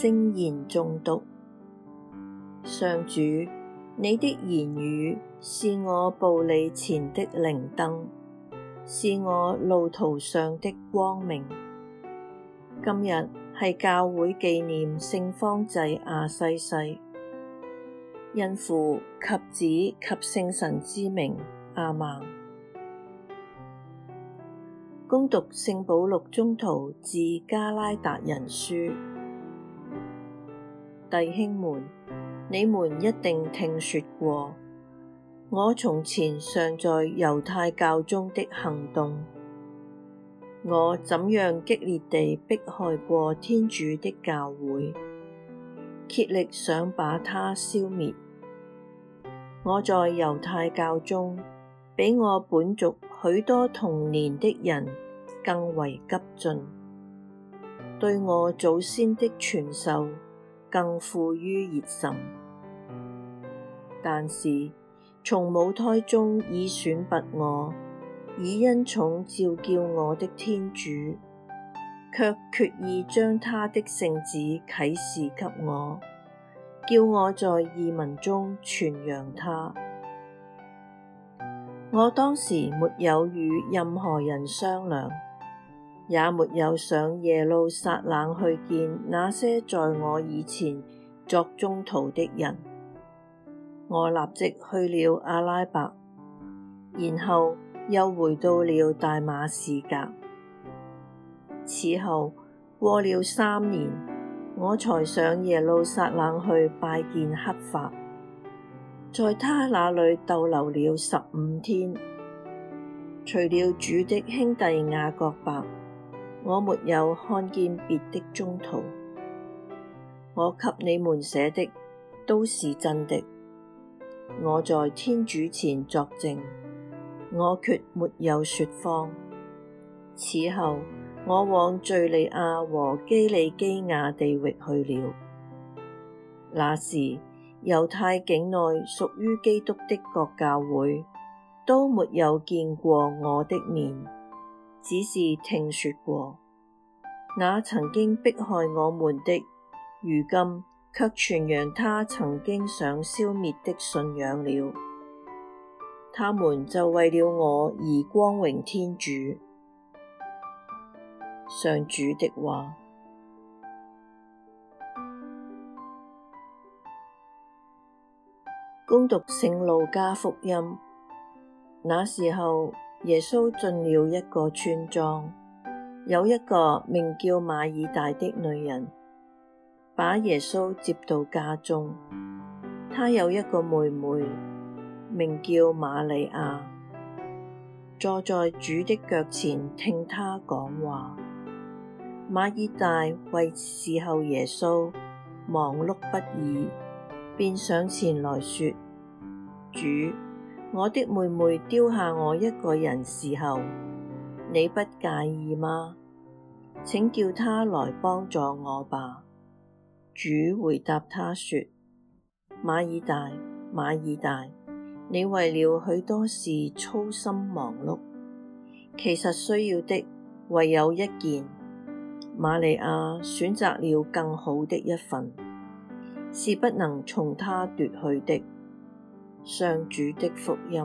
聲言誦讀。上主，你的言語是我步履前的靈燈，是我路途上的光明。今日係教會紀念聖方濟亞西西，因父及子及聖神之名，亞孟。恭讀聖保祿宗徒致迦拉達人書。弟兄們，你們一定聽說過我從前尚在猶太教中的行動，我怎樣激烈地迫害過天主的教會，竭力想把他消滅。我在猶太教中，比我本族許多同年的人更為急進，對我祖先的傳授。更富於熱忱，但是從母胎中已選拔我，以恩寵召叫我的天主，卻決意將他的聖子啟示給我，叫我在異民中傳揚他。我當時沒有與任何人商量。也沒有上耶路撒冷去見那些在我以前作宗徒的人，我立即去了阿剌伯，然後又回到了大馬士革。此後，過了三年，我才上耶路撒冷去拜見刻法，在他那裏逗留了十五天，除了主的兄弟雅各伯。我沒有看見別的宗徒，我給你們寫的都是真的。我在天主前作證，我決沒有說謊。此後，我往敘利亞和基里基雅地域去了。那時，猶太境內屬於基督的各教會都沒有見過我的面。只是聽說過，那曾經迫害我們的，如今卻傳揚他曾經想消滅的信仰了。他們就為了我而光榮天主。上主的話，恭讀聖路加福音，那時候。耶穌進了一個村莊，有一個名叫馬爾大的女人，把耶穌接到家中。她有一個妹妹，名叫瑪利亞，坐在主的腳前聽他講話。馬爾大為侍候耶穌，忙碌不已，便上前來說：主。我的妹妹丟下我一個人伺候，你不介意嗎？請叫她來幫助我吧。主回答她說：馬爾大，馬爾大，你為了許多事操心忙碌，其實需要的唯有一件。瑪利亞選擇了更好的一份，是不能從她奪去的。上主的福音。